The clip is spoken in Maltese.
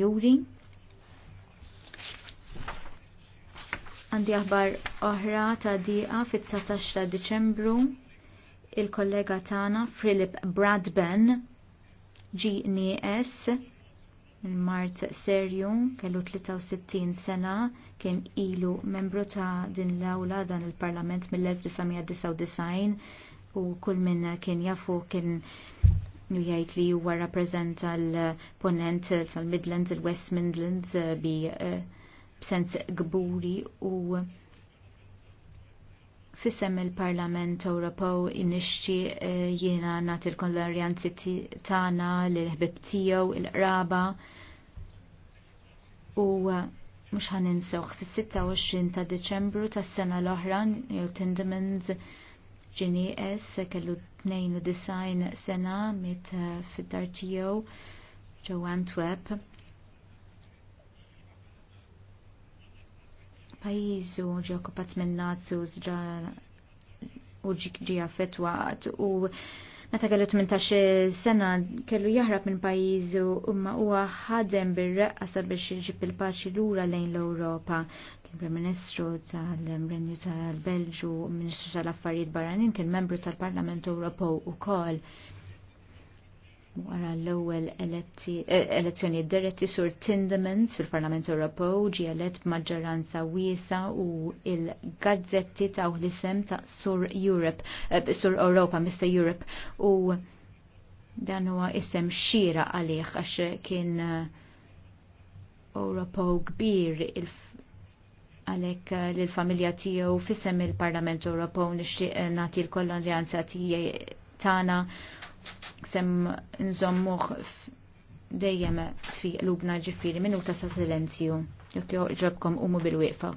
Juri. Għandi aħbar oħra ta' diqa fit-19 ta' Deċembru il-kollega tagħna Philip Bradben GNS il-Mart Serju kellu 63 sena kien ilu membru ta' din l-awla dan il-Parlament mill-1999 u kull minn kien jafu kien u jgħid li huwa rappreżenta l-ponent tal-Midlands, il-West Midlands eh, bi eh, b'sens gburi u fissem il-Parlament Ewropew inixxi eh, jiena nagħtilkom l-arjanzi tagħna l-ħbib tiegħu il-qraba u mhux ħaninsewħ fis-26 ta' Diċembru tas-sena l-oħra jew tendimens ġini se kellu 92 sena mit eh, fid-dar tiegħu ġew Antwerp. Pajizu ġi okkupat minn Nazu u ġi affettwat u Meta kellu 18 sena kellu jaħrab minn pajjiżu ma huwa ħadem bir-reqqa sabiex iġib il-paċi lura lejn l-Ewropa. Kien Prim Ministru tal-Renju tal-Belġu, Ministru tal-Affarijiet Barranin, kien membru tal-Parlament Ewropew ukoll. Wara l-ewwel eh, elezzjoni diretti sur Tindemans fil-Parlament Ewropew ġie elett b'maġġoranza wiesa u il-gazzetti ta' l-isem ta' Sur Europe, eh, Sur Europa, Mr. Europe u dan huwa isem xira għalih għax kien eh, Ewropew kbir il għalek l-familja tiegħu fissem il-Parlament Ewropew nixtieq nagħti l-kollonjanza tiegħi tagħna sem nżommuħ dejjem fi lubna ġifiri minuta sa' silenzju. Jekk joġobkom umu bil-wieqfa.